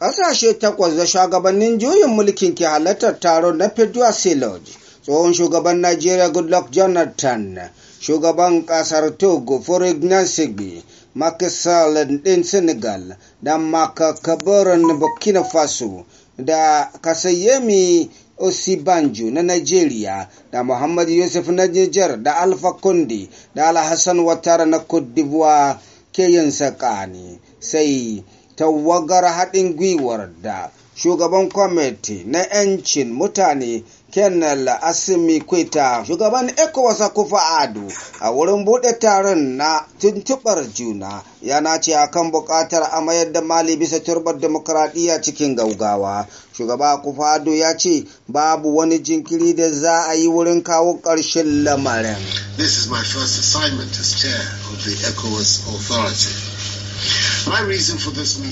Ƙasashe takwas da shugabannin juyin mulkin ke halartar taron na Fedua Lodge, tsohon shugaban Najeriya Goodluck Jonathan, shugaban ƙasar Togo Forig Nasigbi, Makisal ɗin Senegal, da Makakabaran Burkina Faso, da Kasayemi Osibanjo na Najeriya da Muhammad Yusuf na Nijar da Alfa Kundi da Alhassan Watara na Cote d'Ivoire ke yin sai tawagar haɗin gwiwar da shugaban kwamiti na 'yancin mutane Kenan asimi kwita shugaban ecowas kufa ado a wurin buɗe taron na tuntuɓar juna yana ce kan buƙatar a mayar da mali bisa turbar demokradiyya cikin gaugawa shugaba kufa ado ya ce babu wani jinkiri da za a yi wurin kawo ƙarshen lamarin this is my first assignment as chair of the ecowas authority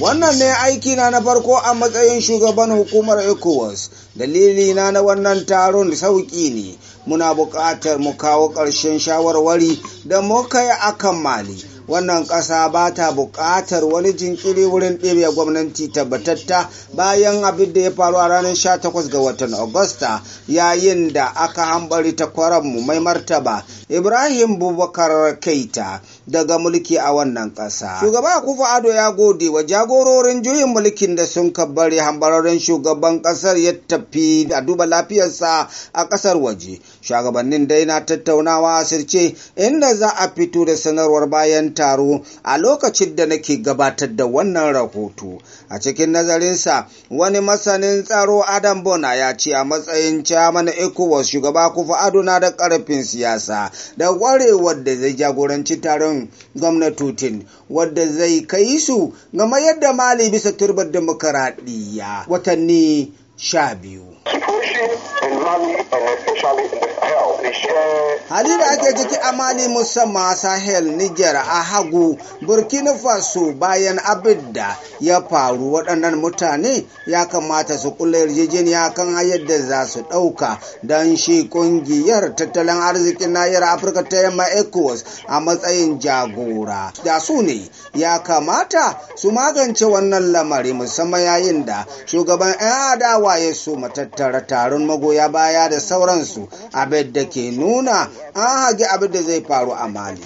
Wannan ne aikina na farko a matsayin shugaban hukumar ECOWAS dalilina na wannan taron sauƙi ne muna buƙatar mu kawo ƙarshen shawarwari da mu kai akan mali wannan ƙasa ba ta buƙatar wani jinkiri wurin ɗebe gwamnati tabbatatta bayan abin da ya faru a ranar 18 ga watan agusta yayin da aka hambari mu mai martaba ibrahim bubakar keita daga mulki a wannan ƙasa shugaba kufa ado ya gode wa jagororin juyin mulkin da sun kabbari hambararren shugaban ƙasar ya tafi a duba lafiyarsa a ƙasar waje shugabannin dai na tattaunawa sirce inda za a fito da sanarwar bayan taro a lokacin da nake gabatar da wannan rahoto a cikin nazarinsa wani masanin tsaro adam bona ya ce a matsayin chairman ecowas shugaba kufa aduna da karfin siyasa da warewar da zai jagoranci taron gwamnatotin wadda zai kai su game yadda mali bisa turbar demokaradiyya watanni Chábio. hali da ake ciki a mali musamman sahel niger a hagu burkina faso bayan abin ya faru waɗannan mutane ya kamata su kula yarjejeniya kan yadda za su ɗauka don shi ƙungiyar tattalin arzikin nahiyar afirka ta yamma Ecos a matsayin jagora da su ne ya kamata su magance wannan lamari musamman yayin da shugaban 'yan adawa ya so matattara taron magoya ba baya da sauransu abin da ke nuna an hage abin da zai faru a mali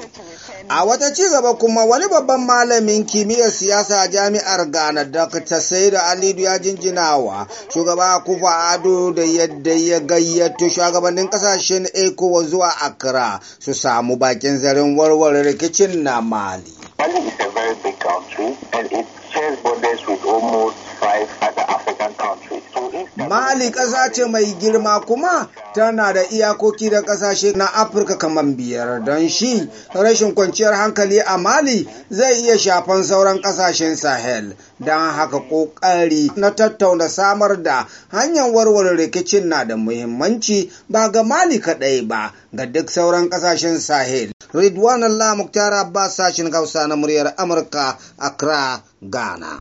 a wata ci gaba kuma wani babban malamin kimiyyar siyasa a jami'ar ghana dr saida alidu ya jinjinawa shugaba kufa ado da yadda ya gayyato shugabannin kasashen ecowas zuwa accra su samu bakin zarin warware rikicin na mali Mali is a very big country and it shares borders with almost five mali ƙasa ce mai girma kuma tana da iyakoki da ƙasashe na afirka kamar biyar don shi rashin kwanciyar hankali a mali zai iya shafan sauran ƙasashen sahel don haka ƙoƙari na tattauna samar da hanyar warware rikicin na da muhimmanci ba ga mali kaɗai ba ga duk sauran ƙasashen sahel ridwan allah muktar abbas sashin hausa na muryar amurka accra ghana